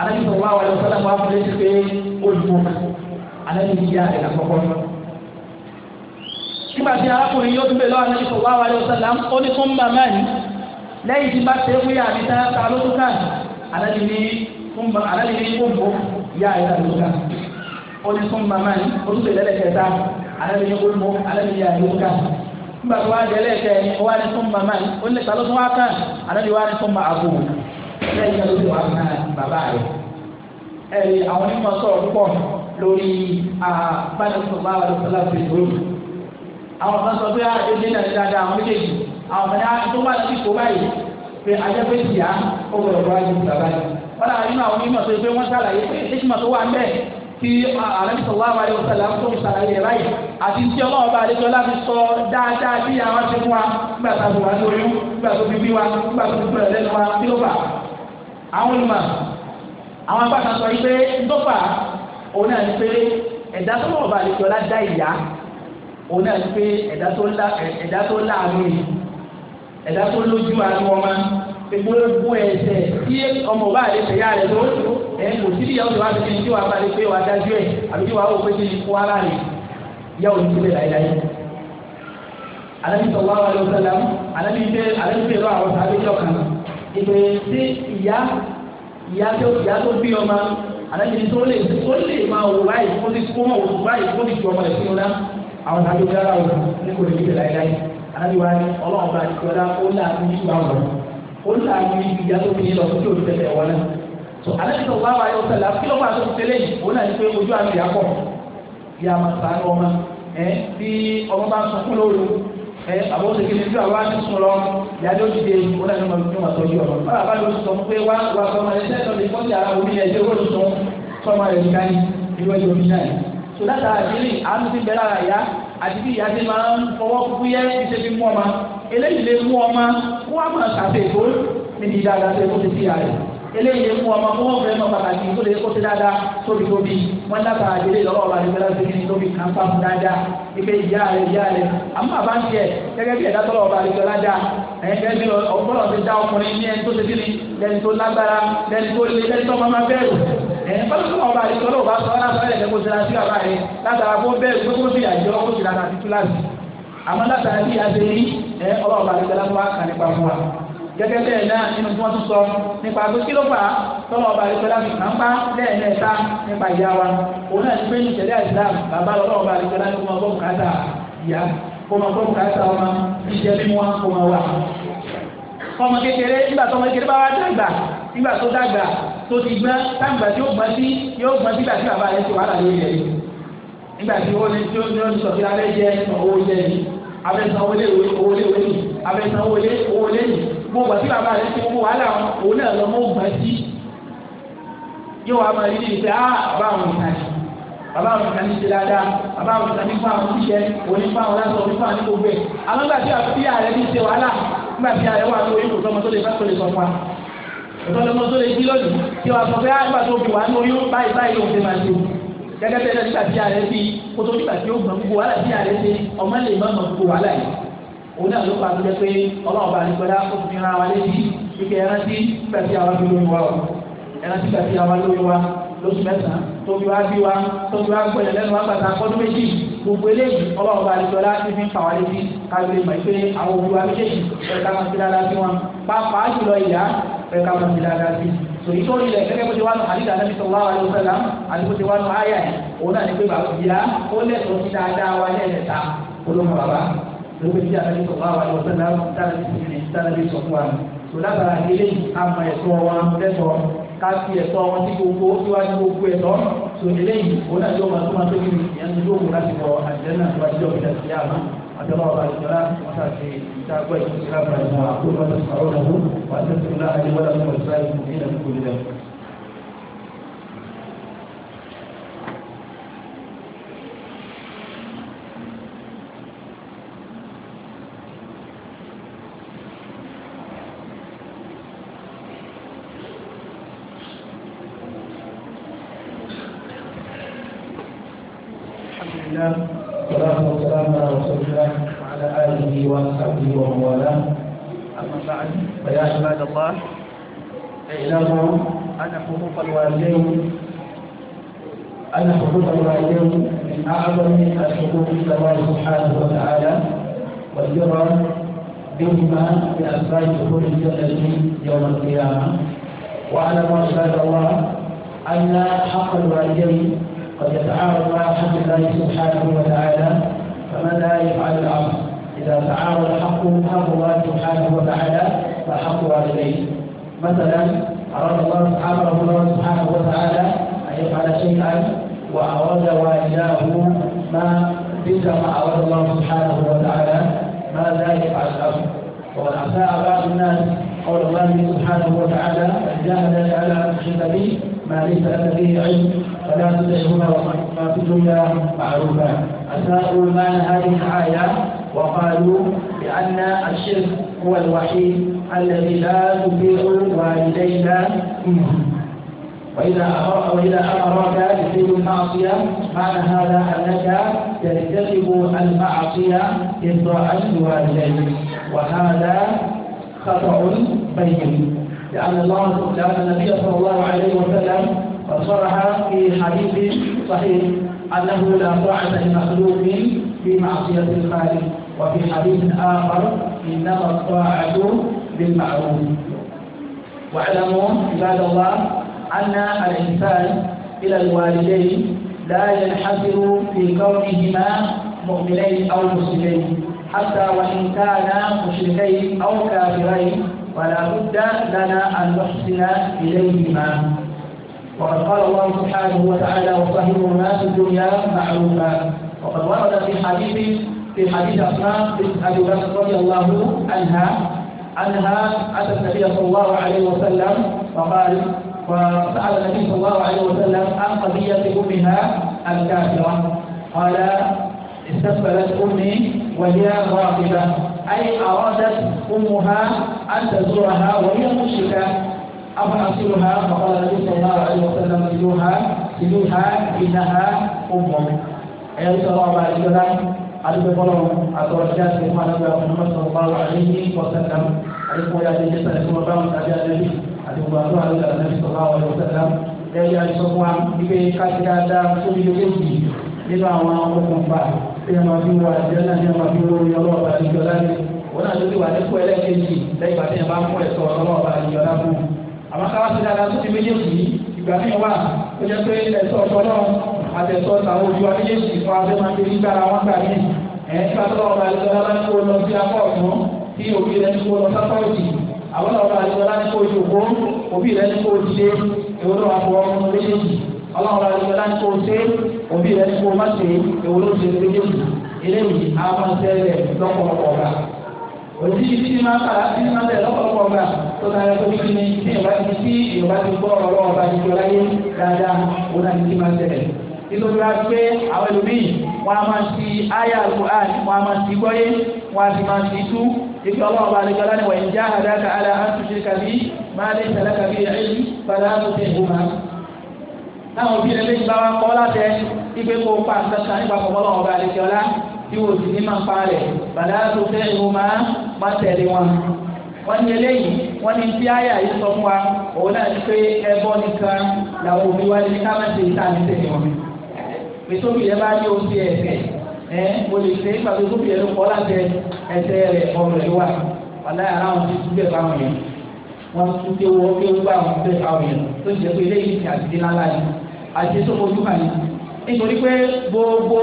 alẹ́sọ̀wá alùsọ́lá wa fún létí pé olùkọ́ alẹ́sọ̀wá àkọ́kọ́ nígbà tí arákùnrin yóò tún bẹ́ẹ̀ lọ́wọ́ alẹ́sọ̀wá alùsọ́lá ó ní fún màmá yìí lẹ́yìn tí bá ṣe fún yà mí tá a lóṣù káàdì alẹ́ oni sun mama ni o tún lè lẹ́kẹ̀ẹ́ta alẹ́ ní olùmọ alẹ́ ní yàrá nígbà tó wá jẹ lẹ́kẹ̀ ni ó wá ní sun mama ni ó lè sálọ́ tún wá kàn alẹ́ ní wá ní sun ma àbò lẹ́yìn náà ló ti wá kàn bàbá rẹ̀ ẹ̀rí àwọn onímọ̀ sọ̀rọ̀ púpọ̀ lórí abánisọ̀rọ̀ bá wà lọ́sọ̀ láti ìlú àwọn kan sọ pé ẹgbẹ́ ah, náà ti dáadáa àwọn méjèèjì àwọn kan náà ah, tó wà lọ́sọ̀ ìkó báyìí pé ajẹ́pẹ́ tìyà ó gbọ́dọ̀ bọ́ àjẹ́ bàbá yìí wọ́n tí àrẹ́sọ̀wá àbáyé ọ̀sẹ̀lá tó ń sàlàyé rẹ̀ báyìí àti tí ọlọ́run bá àlejò láti sọ dáadáa bí àwọn ti fún wa nígbà tá a bò wá ní oyún nígbà tó fi bí wa nígbà tó fi bẹ̀rẹ̀ lẹ́nu wa bí ó fà. àwọn olùmọ̀ àwọn apáta sọ pé ntọ́fà òun náà ni pé ẹ̀dá tó lọ́wọ́ bá àlejò lá dá ìyá òun náà ni pé ẹ̀dá tó láàánú yìí ẹ̀dá tó lójú àánú ọmọ gbogbo ẹ̀ṣẹ̀ tí ọmọ ẹ kò sí bí ìyàwó tó wá sí kí ni tí wàá bá lè pé wàá dájú ẹ àbí tí wàá wò pé kí ni kó ara rè ìyàwó ní sílẹ̀ láyéláyé. alẹ́ sọ wá wàlẹ́ ọ̀sẹ̀lá alẹ́ ní pé alẹ́ ní pé lọ àwọn sábẹ́ jọ kan ìpè sí ìyá ìyá tó ìyá tó bí ọmọ alẹ́ ní tó lè tó lè máa wò láì kó ti kó mọ̀ wò láì kó ti ju ọmọ rẹ̀ sínú náà àwọn sábẹ́ jọ wò ní kò lè sílẹ̀ láyéláyé so alẹ́sọ̀ wá wáyé ọ̀sẹ̀ la kí ló máa tó tẹ́lẹ̀ yìí òun náà ní pé ojú àmì yà pọ̀ bí a máa sàánú ọmọ ẹ bí ọmọ bá ń sọ kúló ru ẹ àbọ̀ ṣe kí ni bí àwọn àti sùn lọ yàtọ̀ dìde òun náà ní ma ní ma tọ́jú ọmọ báwa bá ló sọ pé wá wà sọmọ ẹsẹ̀ tó lè fọ́ọ̀tì ara omi ẹ̀jẹ̀ ó lè sùn sọmọ rẹ̀ nígbà ní ìwé ìwé omi náà so láta àdéhìn àánú ti bẹ̀rẹ̀ ara ìyá àti bí ìyá ti máa ń fọwọ́ kúkú yẹ ìṣe fi mú ọmọ eléyìí lè mú ọmọ wọn á máa ṣàfihàn níbi dáadáa tó ti fi àárẹ̀ eléyìí lè mú ọmọ fún ọ̀fẹ́ náà pàtàkì tó lè kó sí dáadáa tóbi tóbi wọn dábàá àdélé lọ́wọ́ ọba àdébẹ́lá síbi ní tóbi kan fáfù dáadáa ipe ìyá rẹ ìyá rẹ àmọ́ àbá ń tiẹ̀ gẹ́gẹ́ bí ẹ̀dá tọ́lọ̀ ọba àdébẹ́lá dáa ẹ̀yìn gẹ́gẹ́ bí ọgbọ́dọ̀ ti dá ọkùnrin ní ẹni tó ṣe kíni lẹ́ni tó lágbára lẹ́ni tó lé lẹ́ni tó máa bẹ̀rù ẹ̀yìn fọ́lọ́sọ́ ọba àdébẹ́lá ọba sọ látàrí ẹ̀dẹ́gbó ṣe láti bàbá rẹ látara kó bẹ́ẹ̀ tó kó sì àjọ kó sì lára àti túláàsì àmọ́ látara bí a ṣe rí ọlọ́ọ̀bà àdébẹ́lá tó wá kàn nípa fún wa gẹ́gẹ́ bẹ́ẹ̀ náà nínú tí wọ́n tún sọ nípa pé kí ló fà á tọ́lọ̀ ọba àlejò láti kàn pa lẹ́ẹ̀mẹ́ta nípa ìyá wa òun náà ti pé ní ìṣẹ̀lẹ̀ àìsàn bàbá lọ́wọ́ ọba àlejò láti mọ ọgbọ́n bùkátà ìyá kó mọ ọgbọ́n bùkátà ọmọ jíjẹ bí wọ́n kó mọ wà. ọmọ kékeré nígbà tó ọmọ kékeré bá wá dàgbà nígbà tó dàgbà tó ti gbọ́n táǹgbà tí yóò gbọ́n sí yóò gbọ́n sígbà tí bàbá rẹ̀ ti wàhálà lórí ẹ̀ nígbà tí ó ní tí ó ní sọ̀tí alẹ́ ni gbogbo àti bàbá rẹ̀ ti gbogbo wàhálà wọn òun náà lọ mọ́ ògbà sí yóò wá máa rí ní ìfẹ́ á ah, bàbá àwọn nìkan ni bàbá àwọn nìkan ni ti dáadáa bàbá àwọn nìkan ni fún àwọn oníṣẹ́ òní fún àwọn lásán òní fún àwọn nígbò bẹ́ẹ̀ àwọn gbà tí àfi àrẹ ní ṣe wàhálà nígbà tí àrẹ wà lórí kò sọmọ tó lè fẹ́ tó lè sọ fún wa kò sọmọ tó lè jí lónìí tí wàá sọ pé á ah, nígbà tó fi wà ní oyún báyìí báyìí ló ń fẹ́ máa ṣe gẹ́gẹ́ bẹ́ẹ̀ nígbà tí àrẹ bí kótó nígbà tí ó gbọ̀n gbogbo wàhálà tí àrẹ ṣe ọmọ lè má mọ gbogbo wàhálà yìí òun náà ló fà tó jẹ́ pé ọlọ́run bá nígbàdá ó fi ra wa létí wípé ẹran tí gbà tí àwa fi lóyún wa o ẹran tí gbà tí àwa lóyún wa lóṣù mẹ́sàn-án tó fi wá bí wa tó fi wá gbọ́dọ̀ lẹ́nu wá gbàtà kọ́dún méjì gbogbo eléyìí ọlọ́run bá nígbàdá ti fi ń fà wá létí káwé mọ̀ pé àwọn òbí wa méjèèjì ẹ̀ka máa ti dáadáa sí wọn pàápàá jùlọ ìyá ẹ̀ka máa ti dáadáa sí sòyí tó rí rẹ gẹ́gẹ́ bó ti wá nù àdìdà nàbí sọlá wa ló sẹlá àti bó ti wá nù àyà ẹ òun náà ní pé bàbá ìyá ó lẹsọ sí dáadáa wa ní olóhùn bàbá lórí bí alẹ́ sọ̀rọ̀ àwọn àwọn ọ̀sẹ̀ kita dára sí ìdílé dára sí sọ̀kún wa tó lábàrá ilé kaki ẹ̀tọ́ wọn lẹ́tọ̀ọ́ ká fi ẹ̀tọ́ wọn sí gbogbo síwájú gbogbo ẹ̀tọ́ tó eléyìí òun àti ọmọ tó máa tó kiri ìyẹn tó lóògùn láti wọ àjẹ́ náà tó àjọ ìjà sí àmà àjọba ọba ìjọba wọn ṣàṣe ìdágbọ́ ìṣúná àbúrò wọn tó sọ̀rọ̀ lọ́wọ́ wọn àti الوالدين أن حقوق الوالدين من أعظم الحقوق إلى الله سبحانه وتعالى والبر بهما بأسباب دخول الجنة يوم القيامة ما شاء الله أن حق الوالدين قد يتعارض مع حق الله سبحانه وتعالى فماذا يفعل الأمر إذا تعارض حق الله سبحانه وتعالى فحق والديه مثلا أراد الله سبحانه الله سبحانه وتعالى أن يفعل شيئا وأراد والداه ما مثل ما أراد الله سبحانه وتعالى ما لا يفعل الأمر وقد أساء بعض الناس قول الله سبحانه وتعالى جاهد على أن تشرك به ما ليس لك فيه علم فلا تدعهما وما في الدنيا معروفا أساءوا معنى هذه الآية وقالوا بأن الشرك هو الوحيد الذي لا تطيع والديك وإذا أمرك وإذا أمرك بفعل المعصية معنى هذا أنك ترتكب المعصية إرضاء لوالديك وهذا خطأ بين لأن الله لأن النبي صلى الله عليه وسلم صرح في حديث صحيح أنه لا طاعة لمخلوق في معصية الخالق وفي حديث آخر إنما الطاعة بالمعروف واعلموا عباد الله أن الإنسان إلى الوالدين لا ينحصر في كونهما مؤمنين أو مسلمين حتى وإن كانا مشركين أو كافرين ولا بد لنا أن نحسن إليهما وقد قال الله سبحانه وتعالى وصاحبهما في الدنيا معروفا وقد ورد في حديث في حديث أسماء بنت أبي بكر رضي الله عنها عنها أتى النبي صلى الله عليه وسلم فقال وسأل النبي صلى الله عليه وسلم عن قضية أمها الكافرة قال استقبلت أمي وهي راغبة أي أرادت أمها أن تزورها وهي مشركة أفأصلها فقال النبي صلى الله عليه وسلم سلوها سلوها إنها أمك أي صلى الله عليه وسلم أدب الله أتوجه سبحانه وتعالى محمد صلى الله عليه وسلم àyẹ̀kọ́ ya ti jẹ́ sáré fún ọba àwọn tàbí àdébí àti gbogbo àdúrà lórí àdébí sọ̀rọ̀ àwọn ẹ̀rọ sẹ́lá lẹ́yìn àìsàn fún wa wípé káṣí dáadáa tó fi lókè jì nínú àwọn okùnfà tí a máa fi wọ àdìyẹ náà ní a máa fi wọ orí ọlọ́ọ̀bà àdìyọ lánàá wọn náà lórí wà nípò ẹlẹ́kẹ̀jì lẹ́yìn bàtẹ́ yẹn bá ń fún ẹ̀sọ́ ọlọ́ọ̀bà àdìyọ lánàá fún àmọ́ káwá sí dáadáa tó fi méjèèjì ìgbà míì wà ó jẹ́ pé ẹ̀sọ́ ọ̀tọ̀ náà àtẹ̀sọ́ ìtàwọn tí òbí rẹ̀ ní kó lọ sápá òdì àwọn ọ̀rọ̀ àdìgbọ́lá ní kó yòókó òbí rẹ̀ ní kó ṣe èwo ló wà fọ ọmọ méjèèjì ọlọ́run àdìgbọ́lá ní kó ṣe òbí rẹ̀ ní kó má ṣe èwo ló ṣe méjèèjì eléyìí a máa tẹ́lẹ̀ lọ́pọ̀lọpọ̀ ọ̀gá òjijì tí ma kàrà tí ma tẹ̀ lọ́pọ̀lọpọ̀ ọ̀gá tó tayọ tó bíbí ni tí yorùbá ti tí yorùbá ti gbọ́ ọ̀rọ̀ ọ̀gá ìjọba yé dáadáa wọn náà ní tí ma tẹ̀lẹ̀ nítorí wá pé àwọn ẹlòmíì wọn a máa ti áyà àlùkò àti wọn a máa ti gbọ́yé wọn a ti máa ti tú ذكر الله بعد كلامه وإن جاهداك على أن تشرك بي ما ليس لك به علم فلا تطعهما táwọn òbí rẹ méjì bá wá kọ́ látẹ ipe kó pa nǹkan nípa fọmọlọ ọba àlejòọlá tí wò sí ní máa pa rẹ bàdá tó má tẹ̀lé wọn. wọ́n ní eléyìí wọ́n ní tí àyà yìí sọ fún wa òun náà ti pé ẹbọ nìkan làwọn òbí wa ẹ mo lè ṣe tó tóbi ẹni kọ́ láti wàlá wọn ti tún yẹn wọn tún bá wọn yẹn tó pé ti àti yìí àti tó fojú yìí nítorí pé gbogbo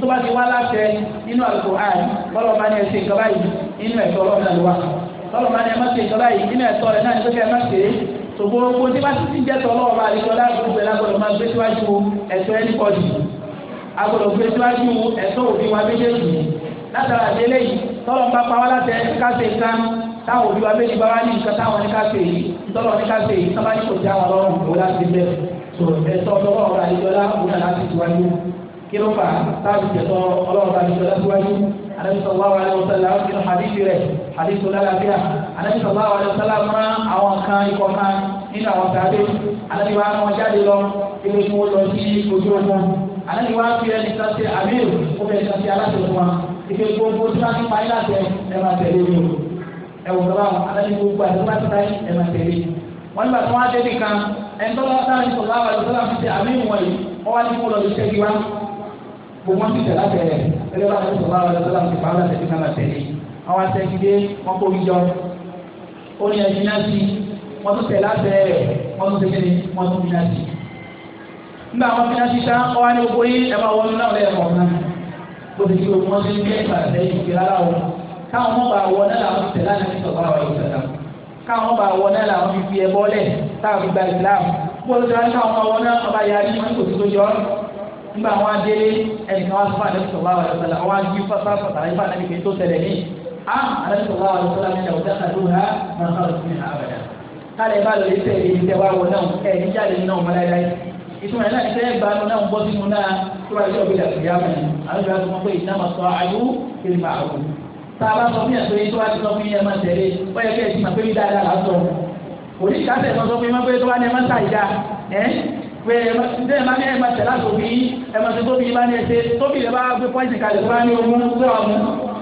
tó bá ti wá láti nínú àlùkò àì bọ́lọ̀ bá ní ẹsẹ̀ ìjọba yìí nínú ẹ̀tọ́ ọlọ́run àlùwà bọ́lọ̀ bá ní ẹ ìjọba yìí nínú ẹ̀tọ́ rẹ̀ náà ní agbọ́dọ̀ gbé síwájú ẹ̀tọ́ òbí wa méjèèjì látara délé yìí tọ́lọ̀ ń bá pa wá látẹ káṣe nǹkan táwọn òbí wa méjì bá wá ní nǹkan táwọn ní káṣe yìí tọ́lọ̀ ní káṣe yìí sábà ní kò já wa lọ́rùn òun láti bẹ́ẹ̀ tó ẹ̀tọ́ ọlọ́wọ́ ọ̀rọ̀ àdìjọ́lá òun náà láti síwájú kí ló fà táàbì tẹ̀tọ́ ọlọ́wọ́ àdìjọ́lá síwájú anabi sallallahu alayhi wa sallam nínú hadithi rẹ̀ hadithi lálàáfíà anabi sallallahu alayhi wa sallam mọ àwọn kan ikọ̀ kan nínú àwọn sàbẹ̀ anabi wa mọ jáde lọ ilé tí àlẹ́ wa fi ẹni sáṣẹ àmír ó bẹ̀rẹ̀ sáṣẹ aláṣẹ fún wa ike gbogbo tí wọ́n ti pa ilé àtẹ ẹ máa tẹ̀lé o ẹ wò lọ́wọ́ àlẹ́ ni gbogbo àti wọ́n ti pa ẹ máa tẹ̀lé wọ́n nígbà tí wọ́n á dé nìkan ẹ̀ ń tọ́lá sáà ní sọ̀rọ̀ àwọn àlùfáà fi ṣe àmír wọ̀nyí wọ́n wá ní kó lọ sí ṣẹ́gi wá gbogbo ti tẹ̀lá tẹ̀lẹ̀ ẹgbẹ́ bá tẹ̀lé sọ̀rọ̀ àwọn ọ̀dọ́ ti pàrọ̀ tẹ̀lé kan tẹ̀lé àwọn atẹ́gidé wọn kó yíyọ ó ní ẹ̀yìn náà sí wọn tún tẹ̀lá tẹ̀lẹ̀ wọn wọn tún yíyá nígbà wọn fi aṣíṣá ọwọ́ ní gbogbo yìí ẹ máa wọnú náà lẹ́yìn ọ̀hún náà bó ti di o wọn ti ń jẹ́ ìbàdàn lẹ́yìn ìgbé rárá o káwọn mọ̀ bá wọ náà làwọn ti tẹ̀lé àná nípa ọ̀gá àwọn ìṣẹ̀dá káwọn bá wọ náà làwọn fi fi ẹbọ lẹ̀ táwọn fi gba ìsìlámù bó ló ti wáá káwọn máa wọ náà ọba ya ní wọn kò sí tó jọ nígbà wọn adélé ẹnìkan wá fún àdébùsọ̀ wá wà lọ́sọ̀lá wọn á gbé fọ́fá fọ́fá yìí fún àdébùsọ̀ tó tẹ̀lé ní a ah, àdébùsọ̀ wá wà lọ́sọ̀lá ní ìdàgbàsá àdúrà náà kọ́ ọ̀sùn ní ah, àbàdà. kálẹ̀ bá lọ lè tẹ̀lé ìdíjẹ́ wá wọ náà ẹ̀ níjà lè ní náà mọ́lá ìtumọ̀ náà ṣe é banu náà ń bọ́ sínú náà tó bá yọ bí dàgbé yá mọ̀ àwọn ìgbà tó mọ̀ pé ìdámọ̀ sọ àyù kiri máa wù. tá a bá sọ fún yàn pé tó bá ti sọ fún yẹn máa tẹ̀lé ó yẹ kí ẹ ti mọ̀ pé bí dáadáa là ń sọ. òní ìkásẹ̀ sọ sọ fún yẹn pé tó bá ní ẹ máa ta ìjà ẹ́ pé ẹ máa ní ẹ máa tẹ̀lé àtòbí ẹ máa tó tóbi bá ní ẹ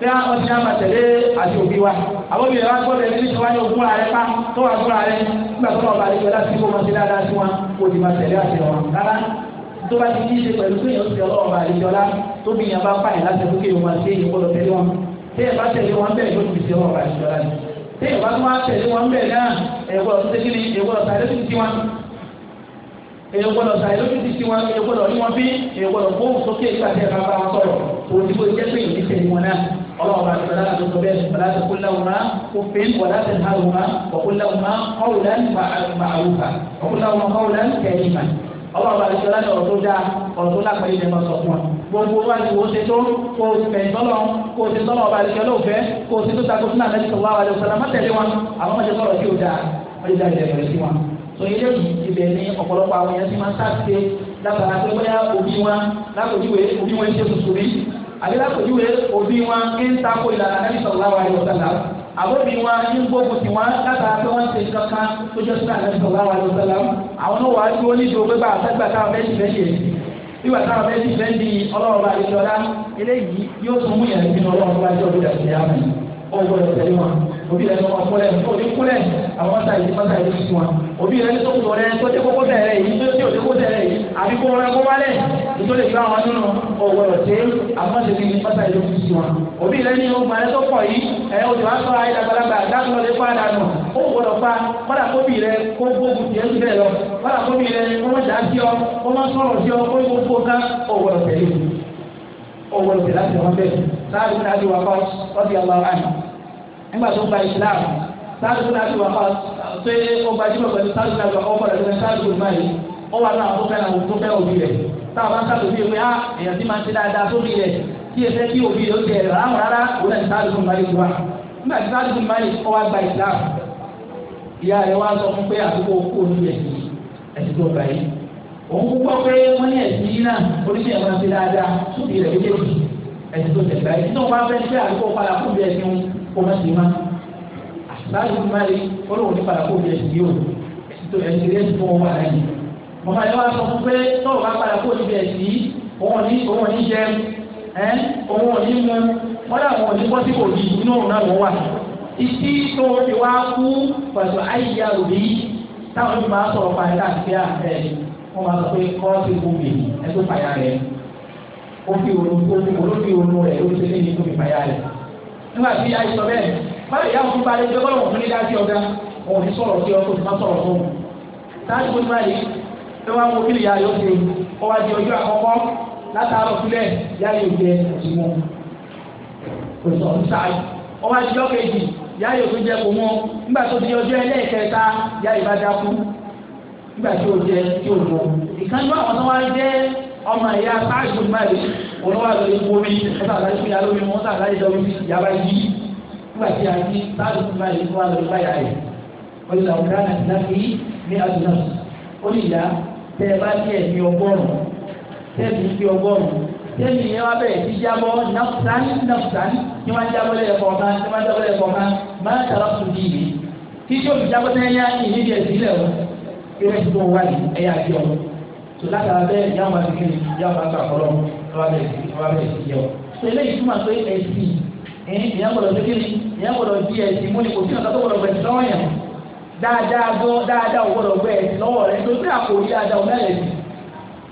bí wọ́n ti máa tẹ̀lé àti òbí wa àwọn obìnrin wa gbọ́dọ̀ ẹni tó wá ní ogún ààrẹ pa tó wà fúnra rẹ nígbà tó wà bá rí ọlá sí kó máa ti dáadáa sí wọn kó o ti máa tẹ̀lé àti ọ̀rọ̀ rárá tó bá ti ní í ṣe pẹ̀lú pé èèyàn ti ọlọ́wọ́ bá rí ọlá tó bí yẹn bá pààyàn láti ẹ̀kú kéwọn máa ṣe èèyàn gbọ́dọ̀ tẹ̀lé wọn tí ẹ̀ bá tẹ̀lé wọn bẹ́ẹ̀ ló ti ṣe ọlọ́wọ́ bá rí ọlá ni tí ẹ̀ bá tún wá tẹ̀lé wọn bẹ́ẹ̀ náà ẹ̀gbọ́dọ̀ tó ṣe kí ni ẹ̀gbọ́dọ̀ tàbí tó ti wọn èyàn gbọ́dọ̀ sa èyàn fi titi wọn èyàn gbọ́dọ̀ ní wọn bí èyàn gbọ́dọ̀ fóun sókè nígbà tí ẹ bá bá wọn sọ̀rọ̀ òun ti kó jẹ pé náà ọlọ́run bá ṣẹlẹ̀ láti sọ bẹ́ẹ̀ wàlá ti kó lẹ́wọ̀n máa kó fín wàlá ti hàn wọ́n máa wọ́kó lẹ́wọ̀n máa kọ́wùlẹ́ màálùfà wọ́kó lẹ́wọ̀n máa kọ́wùlẹ́ kẹ́yìmà ọlọ́run bá ṣẹlẹ̀ láti ọ̀rọ̀ tó dáa ọ̀rọ̀ tó lápẹ́ ilẹ̀ máa sọ fún wa gbogbo wa ti wo ṣe tó kó o fẹ̀ tọ́lọ̀ kó o ṣe tọ́lọ̀ ọba àti ìṣẹ́lẹ̀ òfẹ́ kó o ṣe tó takò sínú àlẹ́ wa àdéhàpèjúwe òbí wọn ń takò ìlànà nàbí sallallahu alaihi wasallam àbẹ̀bí wọn ń gbógun tí wọn látara pé wọn ṣe kankan tó jẹ́ sọ́nà nàbí sallallahu alaihi wasallam àwọn náà wàá dúró nídìí òwe bá àtàgbà táwọn bẹ́ẹ̀ ti fẹ́ ṣe nígbà táwọn bẹ́ẹ̀ ti fẹ́ di ọlọ́run bá àdéjọ́ lá eléyìí yóò tún mú yẹn nínú ọlọ́run bá jọ́ òbí àti àmì ọgbọ́n ìtẹ̀lé wọn òbí rẹ lọ́wọ́ kúlẹ̀ òbí kúlẹ̀ àwọn mọ́tà yìí mọ́tà yìí ti wọn òbí rẹ ní tó kúlọ̀ rẹ tó dé kókó tẹ̀ rẹ yìí tó dé kókó tẹ̀ rẹ yìí àbí kó rẹ nítorí ìgbà wọn nínú ọ̀wọ̀ ọ̀tẹ́ àmọ́ṣe ní pátá ìlú fi sí wọn. òbí rẹ ní ọgbà rẹ tó pọ̀ yìí ẹ o ti wá sọ ayé dàgbàlagbà dákúlọ̀ lè fáadà nù ó gbọdọ̀ fa kọ́dà kóbì rẹ kó gbógun tiẹ̀ ń bẹ̀ lọ kọ́dà kóbì rẹ kó má dàá sí ọ kó má sọ̀rọ̀ sí ọ kó gbogbo kan ọ̀wọ̀ ọ̀tẹ̀ yìí ọ̀wọ̀ ọ̀tẹ̀ láti wọn bẹ́ẹ̀ sáàdù náà ti wà kọ́ ọ̀dì ọlọ́run àná nígbà tó gba ìsìláàmù sáàdù náà ti wà kọ́ pé ó gbajúmọ̀ pẹ̀lú sáàdù náà ti wà kọ́ ọ̀pọ̀ rẹ̀ sáàdù náà yìí ó wà náà tó fẹ́ràn tó fẹ́ràn òbí rẹ̀ táwọn bá ń sàlù bí ewé á èèyàn tí máa ń ṣe dáadáa sórí rẹ̀ kí ẹ fẹ́ kí òbí rẹ̀ ó jẹ ẹ̀rọ àwọn rárá òun náà ti sáà dùkú mbálẹ̀ wá nígbà tí sáà dùkú mbálẹ̀ ọ wá gba ìsìlám ìyá rẹ̀ wá sọ fún pé àdúgbò kó ní ẹ̀sìn ẹ̀sìn tó gbà yìí òun púpọ̀ pé wọ́n ní ẹ̀sìn yìí náà oníṣẹ́ ẹ̀ máa dáadáa sóbì rẹ̀ méjèèjì ẹ̀sìn tó tẹ̀gbà yìí nítorí wọn fẹ́ fẹ́ àdúgbò padà kó bí ẹ̀sìn kó má sì má sáà dùkú mbálẹ̀ olóhùn ní padà kó bí ẹ̀sìn yìí ò ẹ̀sìn tó ẹ̀sìn rẹ̀ tó wọ́n wà bàbá yẹn wá sọ fún pé tọ́wọ́ bá padà kó níbi ẹ̀sìn yìí òun ní òun ní jẹ ẹ́ òun ní mu wọ́n dà wọ́n ní bọ́sí kò yìí inú òun náà wọ́n wà ìdí tó o fi wá kú pẹ̀lú ayíyá òbí táwọn ọdún máa sọ̀rọ̀ pa ẹ̀ka àti àfẹ́ wọ́n máa sọ pé kọ́ sí gbòmìn ẹ̀ tó fàyà rẹ̀ ó fi òun olóbi òun rẹ̀ ó ti lé ní gbòmìn fàyà rẹ̀ nígbà tí ayé sọ bẹ́ẹ̀ báyìí ìyá òun balẹ̀ gbẹ́gbẹ́ lọ́wọ́ fún nígbà tí ọ̀gá òun ní sọ̀rọ̀ sí tó wá mú kílì ya yóò ṣe kó wá di ojú àkọ́kọ́ látàárọ̀ sílẹ̀ yá yóò jẹ òsì mọ́ kò sọ ṣáì ó wá di ọ̀kejì yá yóò tún jẹ kò mọ́ nígbà tó di ọjọ́ ẹlẹ́ẹ̀kẹta yá yóò bá dákú nígbà tí ó jẹ tí ó mọ́ ìkànnì àwọn tó wá jẹ́ ọmọ ìyá sáàjù máàlì olówó àti ewu omi ọ̀sán àdáyé fún yàrá omi wọn sàn láyé nígbà tí a ti sáàjù máàlì fún àlọ́ ìbáyà rẹ̀ wọ́n ti sàwọn kí á nà ní àdúrà ó ní ìyá tẹ ẹ bá ní ẹ̀mí ọgọ́rùn tẹ́ẹ̀mí ní ọgọ́rùn tẹ́ẹ̀mí yẹn wá bẹ̀rẹ̀ sí jábọ́ nafsan nafsan ní wọ́n jábọ́ lẹ́yìn kọ̀ọ̀kan ní wọ́n jábọ́ lẹ́yìn kọ̀ọ̀kan máa tàrà fún mi yìí kí tí omi jábọ́ tẹ́lẹ̀ yá ní ìdí ẹ̀sìn ilẹ̀ o ìrẹ́ ti tó wá ní ẹ̀yà àti ọ̀ tó látara bẹ́ẹ̀ yàwó máa fi yàwó máa gbà fọlọ́ wọ́n bẹ̀rẹ̀ sí yẹ o tó eléyìí túmọ̀ pé ẹ̀sìn ìyá gbọ́dọ̀ dáadáa gbọ́ dáadáa ò gbọ́dọ̀ gbẹ ẹ̀sìn lọ́wọ́ rẹ tó tí àpò orí dáadáa ọ̀gá rẹ̀ sìn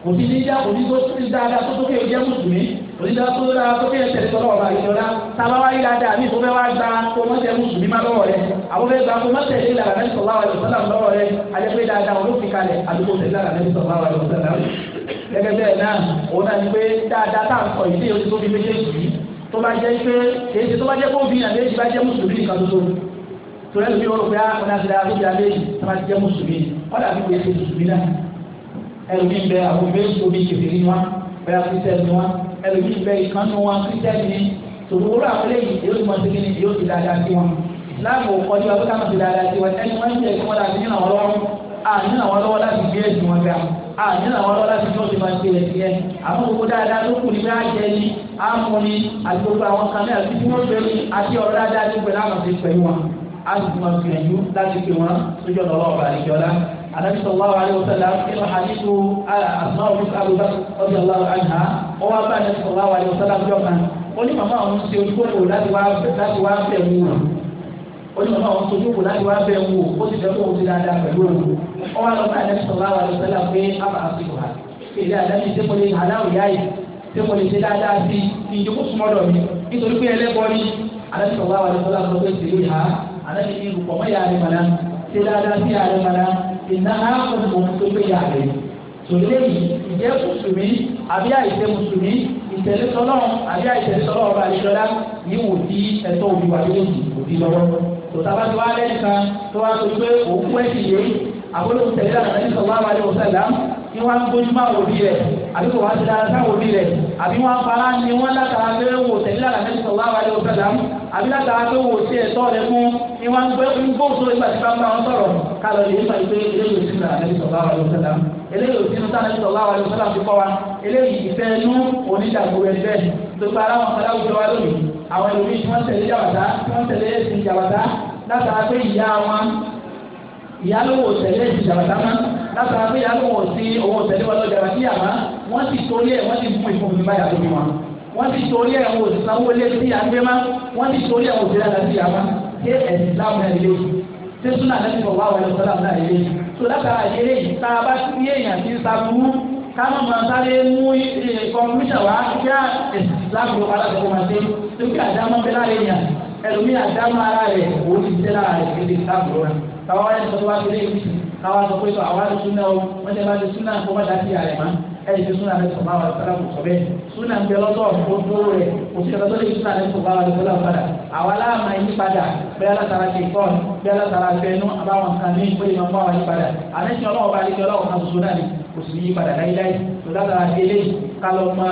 kò sí ní dáa kò sí tó sí dáadáa tó tókè ojú mùsùlùmí kò sí dáa tó dáa tókè ẹsẹ̀ tó lọ́wọ́ bá ìjọba sábà wáyé dáadáa mi tó fẹ́ wá gba kó mọ́ tẹ mùsùlùmí má lọ́wọ́ rẹ àwọn fẹ́ gba kó mọ́ tẹ̀lé ìlànà mẹ́rin sọ̀rọ̀ àwọn ẹ̀sọ́ náà lọ́wọ́ rẹ alẹ́pẹ́ dáadáa wọn ló fi kalẹ̀ àdúgbò tẹ̀lé ìlànà mẹ́rin sọ̀rọ̀ àwọn ẹ̀sọ́ náà gẹ́gẹ́ bẹ́ẹ̀ náà òun náà ni pé dáadáa tá à ń sọ ìdí tó bá jẹ́ pé kì í ṣe tó bá jẹ́ kó bí àlejò bá jẹ́ mùsùlùmí nìkan tuntun torí ẹlòmíì wọn fẹ́ ọ̀nàdìrẹ́ àbújá léyìn tí wọ́n ah, ti jẹ́ mùsùlùmí wọ́n dàbí pé ṣe mùsùlùmí náà ẹlòmíì bẹ àwọn méjì omi kìfìrí wọn bẹ́ẹ̀ kírísítẹ́nì ni wọn ẹlòmíì bẹ ìkànnì wọn kírísítẹ́nì ni tòwúrọ̀ àwọn eléyìí yóò ti mọ̀ sí kíni yóò ti dáadáa sí wọn láàmú ọjọ́ àbúkà mọ̀ sí dáadáa sí wọn ẹni wọ́n ń jẹ́ ìkọ́lá àti nínú àwọn lọ́wọ́ àní àwọn lọ́wọ́ láti gbé ẹ̀sìn wọn ga àní àwọn lọ́wọ́ láti gbé ọ̀sìn máa ń tẹ̀lé sí ẹ àwọn gbogbo dáadáa ló kù ní bá jẹ ní àmú ni àti gbogbo àwọn kan náà títí wọ́n fẹ́ ní àti ọ̀rọ̀ dáadáa ti pẹ̀lú àwọn ti pẹ̀lú wọn á sì tún máa gbìyànjú láti pè wọn sójú ọ̀nà ọlọ́ọ̀bà àdìjọ́lá anabi sallallahu alayhi wa sallam nínú hadithu asmaa olùkọ abubakar ọdún ọlọ́wọ́ àyìnbá wọn wá bá anabi sallallahu alayhi wa sallam jọ kan ó ní màmá àwọn ṣe ojúkòkò láti wá bẹ̀ wù ó ní màmá àwọn ṣe ojúkòkò láti wá bẹ̀ wù ó sì fẹ́ kó o ti dáadáa pẹ̀lú òun ó wá lọ bá anabi sallallahu alayhi wa sallam pé ábà àfikò ha èdè àdáni ṣe kọ́lé aláwọ̀ yìí ṣe ṣe dáadáa sí ìjókòó mi nítorí pé ẹlẹ́bọ ni anabi sallallahu alayhi wa sallam lọ àlẹ́ mi rù pọ̀ mọ́ ìyá rẹ̀ padà ṣe dáadáa sí mana rẹ̀ padà ìná arákùnrin òun tó gbé ìyá rẹ̀ tòlẹ́ yìí ìjẹ́ mùsùlùmí àbí àìsẹ́ mùsùlùmí ìtẹ̀lé sọ́lọ́ àbí àìsẹ́ sọ́lọ́ ọba àdìsọ́lá ní wò sí ẹ̀tọ́ òbí wa lóyún òbí lọ́wọ́ tòtaba tó wá lẹ́yìn kan tó wá sọ pé òun kú ẹ̀sìn yìí àbúrò tẹ̀lé àná ní sọ̀rọ̀ àwọn àdìsọ́ sẹ́lá ní wọ́n á gbójú máa wò bí rẹ̀ àbí kò wá ti dára sáwò bí rẹ̀ àbí wọ́n fara ni wọ́n látara pé wò tẹ̀lé àná ní sọ̀rọ̀ àwọn àdìsọ́ sẹ́lá àbí látara pé wò sí ẹ̀tọ́ rẹ̀ fún ni wọ́n gbé ń gbóso ìgbà tí wọ́n bá wọn sọ̀rọ̀ kálọ̀ lè nípa ìgbé eléyìí òsínú àlẹ́ sọ̀rọ̀ àwọn ọ̀sẹ̀lá eléyìí òsínú sáà lẹ́yìn sọ̀rọ̀ àwọn ọ̀sẹ̀lá ti kọ́ wa eléyìí ìfẹ́ inú onídàgbò rẹ̀ bẹ́ẹ̀ gbogbo ara wọn kọ́lá òjò wa lónìí àwọn ẹlòmíì tí wọ́n tẹ̀lé jàbàtà tí wọ́n tẹ̀lé ẹ̀sìn jàbàtà látara pé ìyá wọn ìyálòwò tẹ̀lé ẹ̀sìn jàbàtà mọ́ látara pé ìyálòwò sí owó tẹ̀lé wọn lọ́jà àti àmọ́ wọ́n ti torí ẹ̀ wọ́n sanwó lé sí àgbẹ̀mọ́ wọ́n ti torí ẹ̀ wọ́n ò sí ṣé ẹ̀sìn Islam náà ilé yìí ṣé súnà lẹ́nu ìwà wà lọ́sọ́ làm náà ilé yìí tó látara ìdílé yìí tá a bá tún yé èèyàn tí ń sa burú ká má máa sáré mú kọ̀ǹpútà eh, wá kí á ẹ̀sìn Islam ló padà tó kó máa dé tó kí àdámọ́ bẹ́ láàrin èèyàn ẹlòmí àdámọ́ ara rẹ̀ òun ti tẹ́ lára rẹ̀ kéde Islam lọ́wọ́ káwá wáyé sọ ẹni tí súnà rẹ sọ̀rọ̀ àwọn ìsọ̀rọ̀ kò sọ bẹ́ẹ̀ súnà ń bẹ lọ́tọ̀ gbogbo rẹ̀ kò sí ọ̀tọ̀ lè súnà rẹ sọ̀rọ̀ àwọn ìsọ̀rọ̀ padà àwa láàmà yí padà bẹ́ẹ̀ látara ti kọ́ bẹ́ẹ̀ látara fẹnu àbáwọn kan ní ìpele máa fọ́ àwọn yí padà àlẹ́ tí ọlọ́wọ́ bá lékè ọlọ́wọ́ kan ṣoṣo náà ni kò sì yí padà láíláí tó látara délé kálọ̀ mọ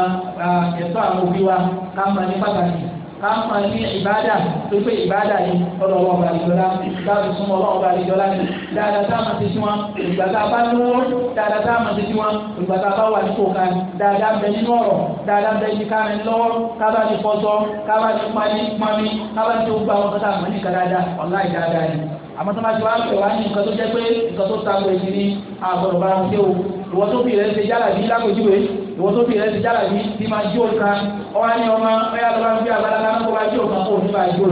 ẹ̀tọ́ àwọn òbí wa ká mọ ní pàtàkì ká máa ní ìbádà tó pé ìbádà yìí ọ̀dọ̀ ọba ọba àdìjọ́lá láti súnmọ́ ọba ọba àdìjọ́lá ni dáadáa tá a máa ti sí wọn ìgbà tá a bá lówó dáadáa tá a máa ti sí wọn ìgbà tá a bá wà ní kò kan dáadáa bẹ nínú ọ̀rọ̀ dáadáa bẹ ní kárin lọ́wọ́ kábà ti fọ́tọ́ kábà ti pami pami kábà ti gba ọkọ tá a ní kàdáadáa ọ̀la ìdáadáa ni àmọ́ tó máa ti wá pè wá ní nǹkan tó jẹ́ pé nǹkan tó ta ìwọ tó fi rẹ ti jára yìí ti máa jó ka ọwọ́ ní ọmọ ọyá tó bá ń gbé àgbàdo náà kó máa jó ka kó ní máa jó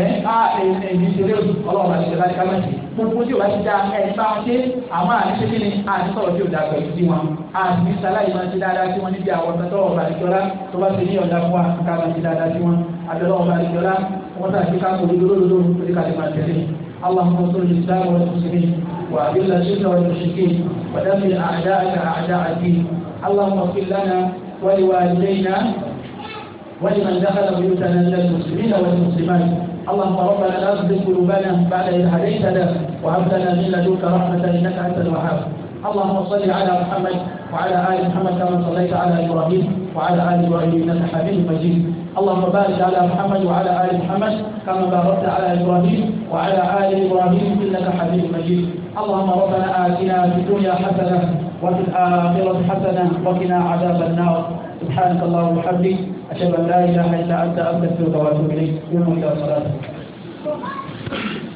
ẹ á ẹ̀yìn ìṣeré ọlọ́run àti ìṣẹ̀lá ìkàmẹ́ gbogbo tí o bá ti da ẹ̀ bá wọn ṣe àmọ́ àti ṣe kíni àti sọ̀rọ̀ tí o da pẹ̀lú sí wọn àti sáláì máa ti dáadáa sí wọn níbi àwọn tọ́tọ́ ọba àdìjọ́lá tó bá ti ní ọ̀dà fún wa ká máa ti dáadáa sí wọn àdìjọ́lá ọba àdìjọ́lá wọ́n tà sí ká kó lójó lójó lórí ká lè máa tẹ̀lé. اللهم انصر الاسلام والمسلمين واذل الشرك والمشركين ودمر اعداءك اعداء الدين اللهم اغفر لنا ولوالدينا ولمن دخل بيوتنا من المسلمين والمسلمات اللهم ربنا لا تزغ قلوبنا بعد إذ هديتنا وهب لنا من لدنك رحمة إنك أنت الوهاب اللهم صل على محمد وعلى آل محمد كما صليت على إبراهيم وعلى آل إبراهيم إنك حميد مجيد اللهم بارك على محمد وعلى آل محمد كما باركت على إبراهيم وعلى آل إبراهيم إنك حميد مجيد اللهم ربنا آتنا في الدنيا حسنة وفي الآخرة حسنة وقنا عذاب النار سبحانك الله وبحمدك أشهد أن لا إله إلا أنت أستغفرك وأتوب إليك يوم إلى صلاتك